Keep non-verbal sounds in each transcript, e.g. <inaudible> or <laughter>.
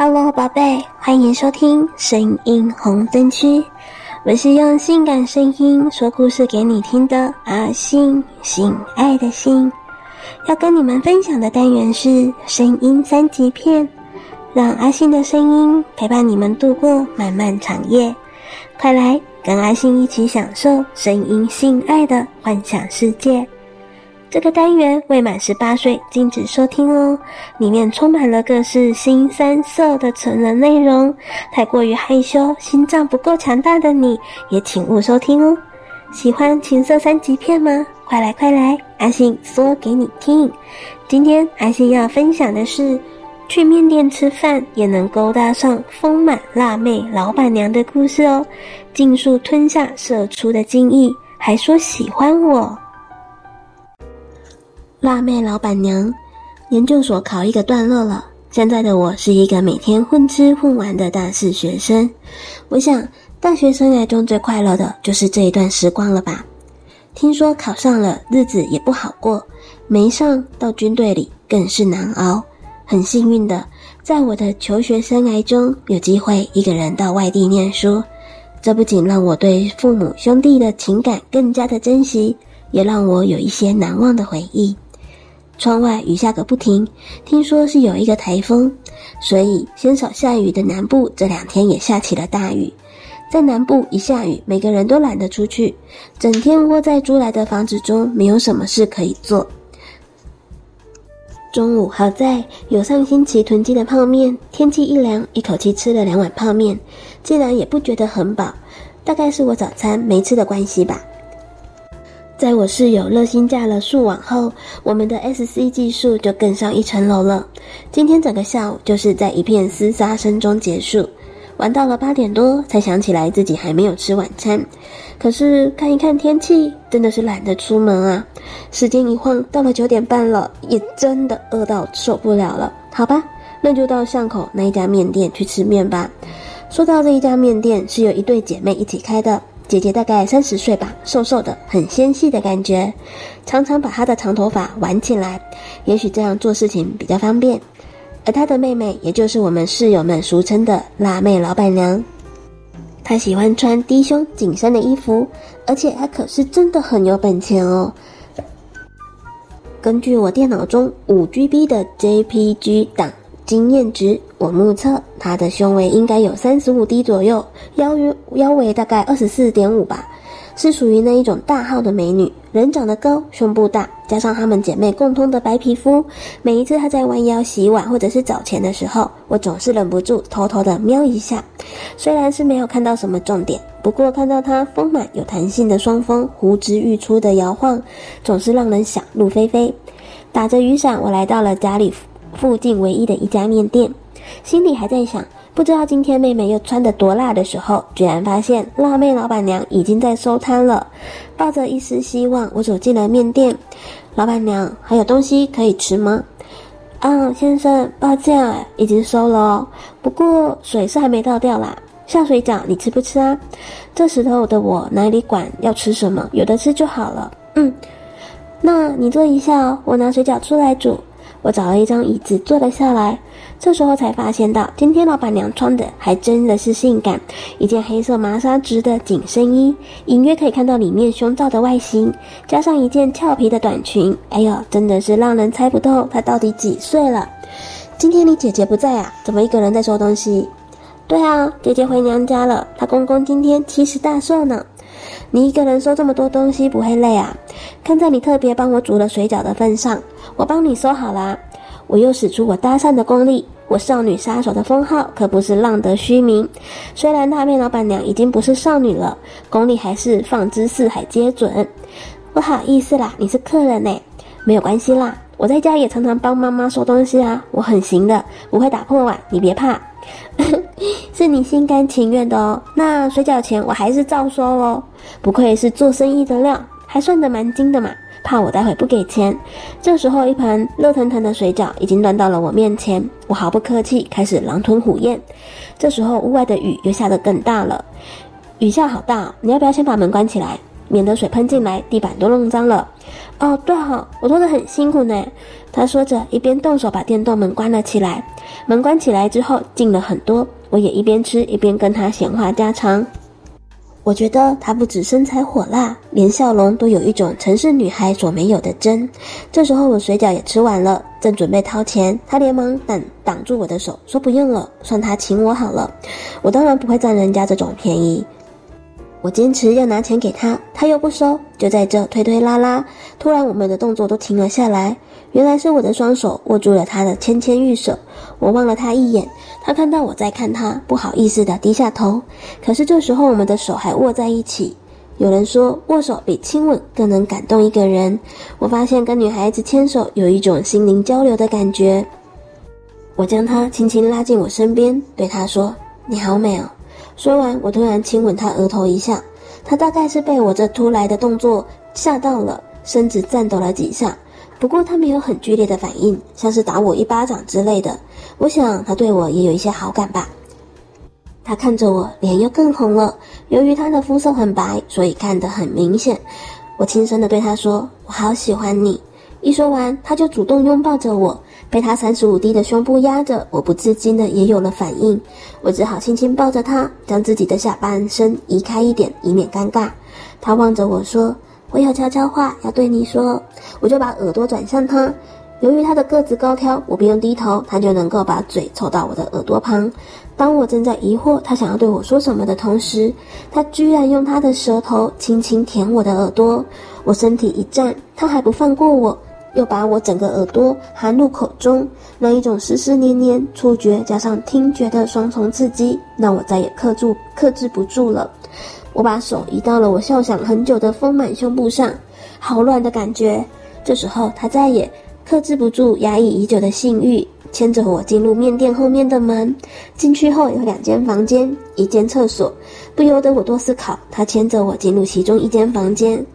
哈嘍，寶貝，歡迎收聽聲音紅燈區，我是用性感聲音說故事給你聽的阿性，性愛的性，要跟你們分享的單元是聲音三級片，讓阿性的聲音陪伴你們度過漫漫長夜，快來跟阿性一起享受聲音性愛的幻想世界。這個單元未滿十八歲禁止收聽哦，裡面充滿了各式新三色的成人內容，太過於害羞、心臟不夠強大的你也請勿收聽哦。喜歡情色三級片嗎？快來快來，阿性說給你聽。今天阿性要分享的是，去面店吃飯也能勾搭上豐滿辣妹老板娘的故事哦。盡數吞下射出的精液，還說喜歡我。辣妹老闆娘，研究所考一個段落了。現在的我是一個每天混吃混玩的大四學生。我想，大學生涯中最快樂的就是這一段時光了吧？聽說考上了，日子也不好過；沒上到軍隊裡，更是難熬。很幸運的，在我的求學生涯中，有機會一個人到外地念書。這不僅讓我對父母兄弟的情感更加的珍惜，也讓我有一些難忘的回憶。窗外雨下個不停，聽說是有一個颱風，所以鮮少下雨的南部這兩天也下起了大雨。在南部一下雨，每個人都懶得出去，整天窩在租來的房子中，沒有什麼事可以做。中午好在有上星期囤積的泡麵，天氣一涼，一口氣吃了兩碗泡麵，竟然也不覺得很飽，大概是我早餐沒吃的關係吧。在我室友熱心架了數網後，我們的 SC 技術就更上一層樓了。今天整個下午就是在一片厮殺聲中結束，玩到了八點多才想起來自己還沒有吃晚餐。可是看一看天氣，真的是懶得出門啊。時間一晃到了九點半了，也真的餓到受不了了。好吧，那就到巷口那一家麵店去吃面吧。說到這一家麵店，是由一對姐妹一起開的。姐姐大概三十歲吧，瘦瘦的，很纖細的感覺，常常把她的長頭髮挽起來，也許這樣做事情比較方便。而她的妹妹，也就是我們室友們俗稱的“辣妹老闆娘”，她喜歡穿低胸緊身的衣服，而且還可是真的很有本錢哦。根據我電腦中 5GB 的 JPG 檔。經驗值，我目測她的胸圍應該有三十五 D 左右，腰圍腰圍大概二十四點五吧，是屬於那一種大號的美女，人長得高，胸部大，加上她們姐妹共通的白皮膚，每一次她在彎腰洗碗或者是找錢的時候，我總是忍不住偷偷的瞄一下，雖然是沒有看到什麼重點，不過看到她豐滿有彈性的雙峰呼之欲出的搖晃，總是讓人想入非非。打着雨傘，我來到了家裡。附近唯一的一家麵店，心裡還在想，不知道今天妹妹又穿得多辣的時候，居然發現辣妹老闆娘已經在收攤了。抱着一絲希望，我走進了麵店。老闆娘，還有東西可以吃嗎？啊、嗯，先生，抱歉啊，已經收了哦。不過水是還沒倒掉啦，下水餃你吃不吃啊？這時候的我哪裡管要吃什麼，有的吃就好了。嗯，那你坐一下哦，我拿水餃出來煮。我找了一張椅子坐了下來，這時候才發現到，今天老闆娘穿的還真的是性感，一件黑色麻紗織的緊身衣，隱約可以看到裡面胸罩的外形，加上一件俏皮的短裙，哎呦，真的是讓人猜不透她到底幾歲了。今天你姐姐不在啊，怎麼一個人在收東西？對啊，姐姐回娘家了，她公公今天七十大壽呢。你一個人收這麼多東西不會累啊？看在你特別幫我煮了水餃的份上，我幫你收好啦、啊。我又使出我搭訕的功力，我少女殺手的封號可不是浪得虛名。雖然辣妹老闆娘已經不是少女了，功力還是放之四海皆準。不好意思啦，你是客人呢、欸，沒有關係啦。我在家也常常幫媽媽收東西啊，我很行的，不會打破碗，你別怕。 <laughs> 是你心甘情願的哦，那水餃錢我還是照收哦。不愧是做生意的料，還算得蠻精的嘛。怕我待會不給錢。這時候，一盤熱騰騰的水餃已經端到了我面前，我毫不客氣，開始狼吞虎咽。這時候，屋外的雨又下得更大了。雨下好大，哦，你要不要先把門關起來，免得水噴進來，地板都弄髒了。哦，對，哦，好，我拖得很辛苦呢。他說着，一邊動手把電動門關了起來。門關起來之後，靜了很多，我也一邊吃一邊跟他閒話家常。我覺得她不止身材火辣，連笑容都有一種城市女孩所沒有的真。這時候我水餃也吃完了，正準備掏錢，她連忙擋擋住我的手，說不用了，算她請我好了。我當然不會占人家這種便宜，我堅持要拿錢給她，她又不收，就在這推推拉拉。突然，我們的動作都停了下來。原來是我的雙手握住了她的纖纖玉手，我望了她一眼，她看到我在看她，不好意思的低下頭。可是這時候我們的手還握在一起。有人說握手比親吻更能感動一個人。我發現跟女孩子牽手有一種心靈交流的感覺。我將她輕輕拉近我身邊，對她說：“你好美哦。”說完，我突然親吻她額頭一下，她大概是被我這突來的動作嚇到了，身子顫抖了幾下。不過他沒有很劇烈的反應，像是打我一巴掌之類的。我想他對我也有一些好感吧。他看着我，臉又更紅了。由於他的膚色很白，所以看得很明顯。我輕聲的對他說：“我好喜歡你。”一說完，他就主動擁抱着我，被他三十五 D 的胸部壓着，我不自禁的也有了反應。我只好輕輕抱着他，將自己的下半身移開一點，以免尷尬。他望着我說。我有悄悄話要對你說，我就把耳朵轉向他。由於他的個子高挑，我不用低頭，他就能夠把嘴湊到我的耳朵旁。當我正在疑惑他想要對我說什麼的同時，他居然用他的舌頭輕輕舔我的耳朵。我身體一顫，他還不放過我，又把我整個耳朵含入口中。那一種濕濕黏黏觸覺加上聽覺的雙重刺激，讓我再也克克制不住了。我把手移到了我遐想很久的豐滿胸部上，好軟的感覺。這時候他再也克制不住壓抑已久的性欲，牽着我進入麵店後面的門。進去後有兩間房間，一間廁所，不由得我多思考。他牽着我進入其中一間房間。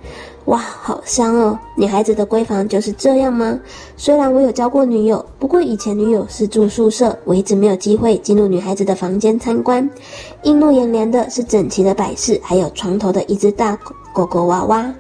哇，好香哦！女孩子的閨房就是這樣嗎？雖然我有交過女友，不過以前女友是住宿舍，我一直沒有機會進入女孩子的房間參觀。映入眼簾的是整齊的擺飾，還有床頭的一隻大狗狗娃娃。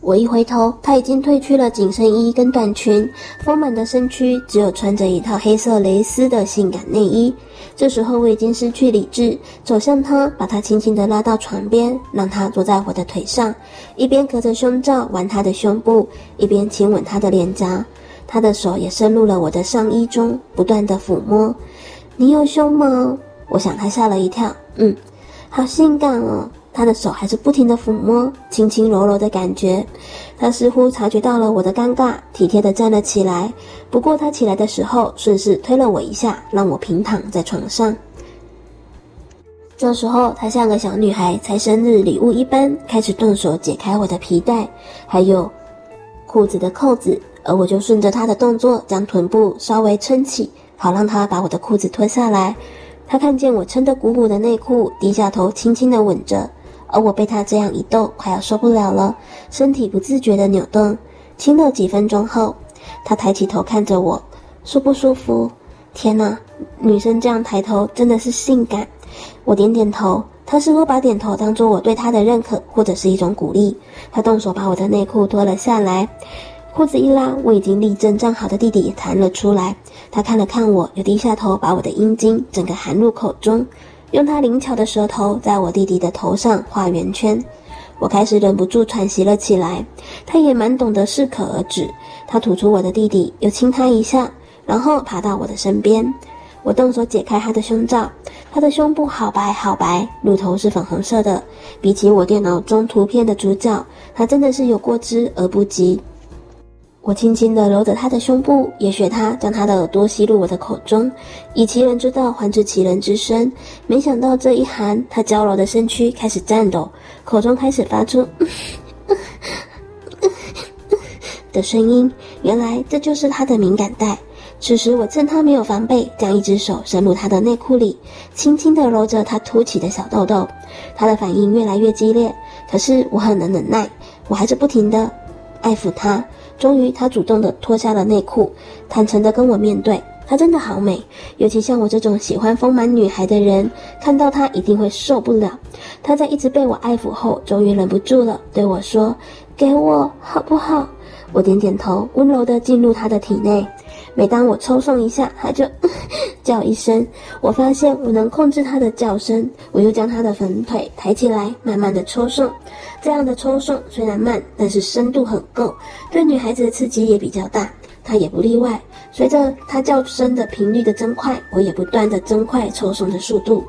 我一回頭，她已經褪去了緊身衣跟短裙，豐滿的身軀只有穿着一套黑色蕾絲的性感內衣。這時候我已經失去理智，走向她，把她輕輕地拉到床邊，讓她坐在我的腿上，一邊隔着胸罩玩她的胸部，一邊親吻她的臉頰。她的手也伸入了我的上衣中，不斷地撫摸。你有胸嗎？我想她嚇了一跳。嗯，好性感哦。他的手還是不停地撫摸，輕輕柔柔的感覺。他似乎察覺到了我的尷尬，體貼地站了起來。不過他起來的時候，順勢推了我一下，讓我平躺在床上。這時候，他像個小女孩拆生日禮物一般，開始動手解開我的皮帶，還有褲子的扣子，而我就順着他的動作，將臀部稍微撐起，好讓他把我的褲子脫下來。他看見我撐得鼓鼓的內褲，低下頭，輕輕地吻着。而我被他這樣一逗，快要受不了了，身體不自覺地扭動。親了幾分鐘後，他抬起頭看着我：“舒不舒服？”天哪，女生這樣抬頭真的是性感。我點點頭，他似乎把點頭當作我對他的認可或者是一種鼓勵。他動手把我的內褲脫了下來，褲子一拉，我已經立正站好的弟弟也彈了出來。他看了看我，又低下頭把我的陰莖整個含入口中。用他靈巧的舌頭在我弟弟的頭上畫圓圈，我開始忍不住喘息了起來。他也蠻懂得適可而止，他吐出我的弟弟，又親他一下，然後爬到我的身邊。我動手解開他的胸罩，他的胸部好白好白，乳頭是粉紅色的，比起我電腦中圖片的主角，他真的是有過之而不及。我輕輕的揉着他的胸部，也學他將他的耳朵吸入我的口中，以其人之道還治其人之身。沒想到這一含，他嬌柔的身軀開始顫抖，口中開始發出 <laughs> 的聲音。原來這就是他的敏感帶。此時我趁他沒有防備，將一隻手伸入他的內褲裡，輕輕的揉着他凸起的小豆豆。他的反應越來越激烈，可是我很能忍耐，我還是不停的愛撫他。終於，他主動地脫下了內褲，坦誠地跟我面對。他真的好美，尤其像我這種喜歡豐滿女孩的人，看到他一定會受不了。他在一直被我愛撫後，終於忍不住了，對我說：“給我好不好？”我點點頭，溫柔地進入他的體內。每當我抽送一下，他就。 <laughs> 叫一聲，我發現我能控制她的叫聲。我又將她的粉腿抬起來，慢慢的抽送。這樣的抽送雖然慢，但是深度很夠，對女孩子的刺激也比較大。他也不例外，隨着他叫聲的頻率的增快，我也不斷的增快抽送的速度。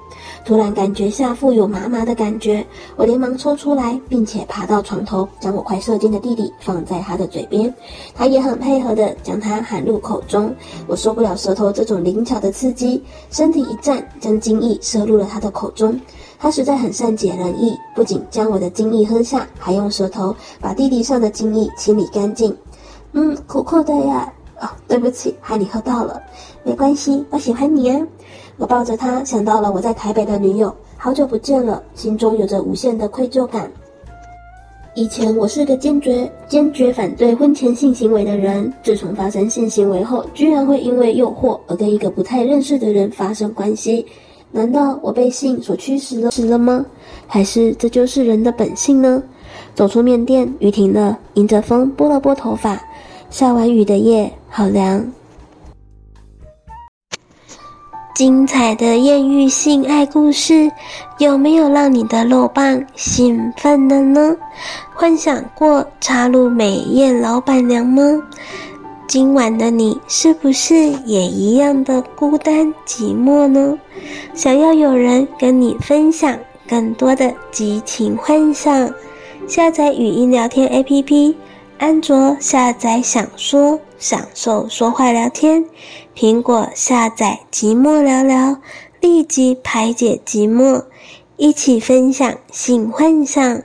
突然感覺下腹有麻麻的感覺，我連忙抽出來，並且爬到床頭，將我快射精的弟弟放在他的嘴邊。他也很配合的將他含入口中。我受不了舌頭這種靈巧的刺激，身體一顫，將精液射入了他的口中。他實在很善解人意，不僅將我的精液喝下，還用舌頭把弟弟上的精液清理乾淨。嗯，苦苦的呀、啊。哦，對不起，害你喝到了，沒關係，我喜歡你啊。我抱着他，想到了我在台北的女友，好久不見了，心中有着無限的愧疚感。以前我是個堅決堅決反對婚前性行為的人，自從發生性行為後，居然會因為誘惑而跟一個不太認識的人發生關係，難道我被性所驅使了？使了嗎？還是這就是人的本性呢？走出麵店，雨停了，迎着風撥了撥頭髮。下完雨的夜，好涼。精彩的豔遇性愛故事，有沒有讓你的肉棒興奮了呢？幻想過插入美豔老闆娘嗎？今晚的你是不是也一樣的孤單寂寞呢？想要有人跟你分享更多的激情幻想？下載語音聊天 APP，安卓下載“想說享受說話聊天”，蘋果下載“寂寞聊聊”，立即排解寂寞，一起分享性幻想。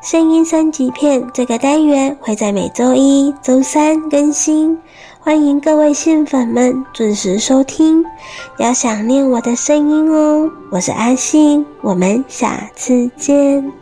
聲音三級片這個單元會在每週一、週三更新，歡迎各位性粉們準時收聽，要想念我的聲音哦！我是阿性，我們下次見。